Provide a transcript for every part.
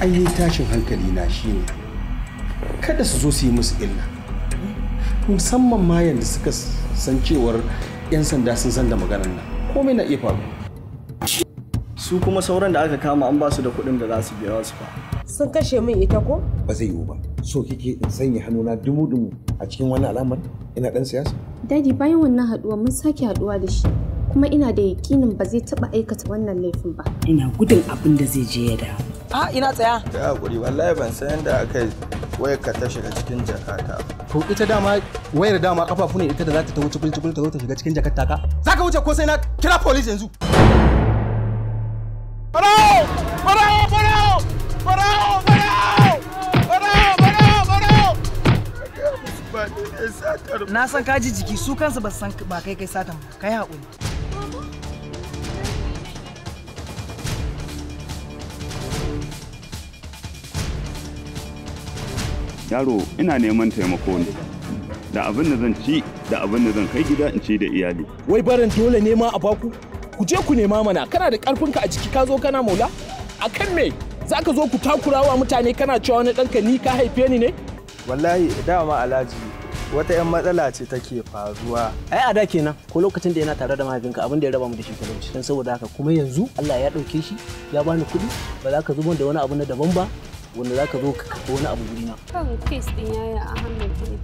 ainihin tashin hankali na shine kada su zo su yi musu illa musamman ma yadda suka san cewar 'yan sanda sun san da maganar nan komai na iya faru su kuma sauran da aka kama an ba su da kuɗin da za su biya su ba. sun kashe min ita ko ba zai yiwu ba so kike in sanya hannuna dumu dumu a cikin wani alamar ina dan siyasa dadi bayan wannan haduwa mun sake haduwa da shi kuma ina da yakinin ba zai taba aikata wannan laifin ba ina gudun abin da zai je ya dawo a ina tsaya ya hakuri wallahi ban san yadda aka wayar ka ta shiga cikin jakata to ita dama wayar dama kafafu ne ita da za ta wuce kulci ta zo ta shiga cikin jakata ka za ka wuce ko sai na kira police yanzu Bravo! Bravo! Bravo! Bravo! Na san ka ji jiki su kansu ba san ba kai kai satan ba kai haƙuri. yaro ina neman taimako ne da abin da zan ci da abin da zan kai gida in ci da iyali wai barin dole nema a baku ku je ku nema mana kana da karfinka a jiki ka zo kana maula kan me za ka zo ku takura wa mutane kana cewa wani ɗanka ni ka haife ni ne wallahi dama alhaji wata 'yan matsala ce take faruwa ai a da kenan ko lokacin da yana tare da mahaifinka abin da ya raba mu da shi talauci don saboda haka kuma yanzu Allah ya ɗauke shi ya bani kuɗi ba za ka zubar da wani abu na daban ba wanda za ka zo ka kafa wani abu na. Kan kes ɗin yi a hannun ɗin.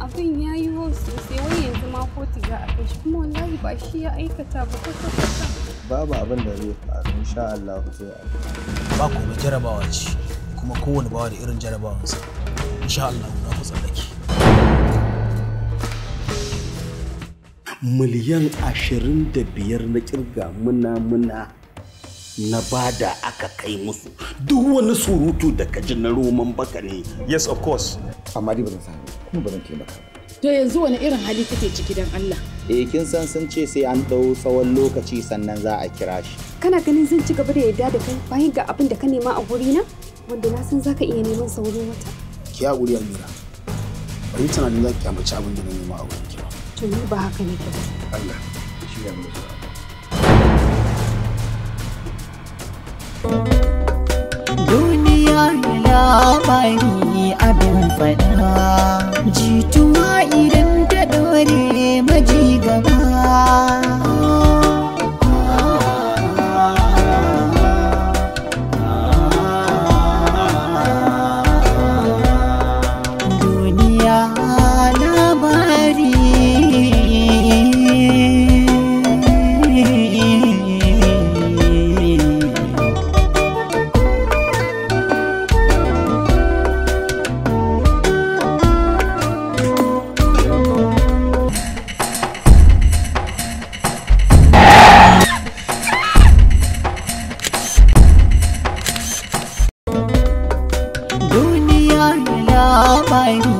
Abin ya yi wa sosai wai yanzu ma kotu za a kai shi kuma wallahi ba shi ya aikata ba ta kwata. Babu abin da zai faru insha Allah sai aiki. Ba ba jarabawa ce kuma kowane bawa da irin jarabawansa. Insha Allah na ku tsallake. Miliyan ashirin da biyar na kirga muna muna na bada aka kai musu duk wani surutu da ka ji na roman baka ne yes of course amma dai ba zan sami kuma ba zan taimaka ba to yanzu wani irin hali kake ciki dan Allah eh kin san sun ce sai an dau tsawon lokaci sannan za a kira shi kana ganin zan ci gaba da yarda da kai bayan ga abin da ka nema a guri na wanda na san zaka iya neman sa wurin wata ki guri Amira bari tunanin zaki amince abin da na nema a wurin ki to ni ba haka ne ba Allah shi ya mutu ba labari abin faɗa vai.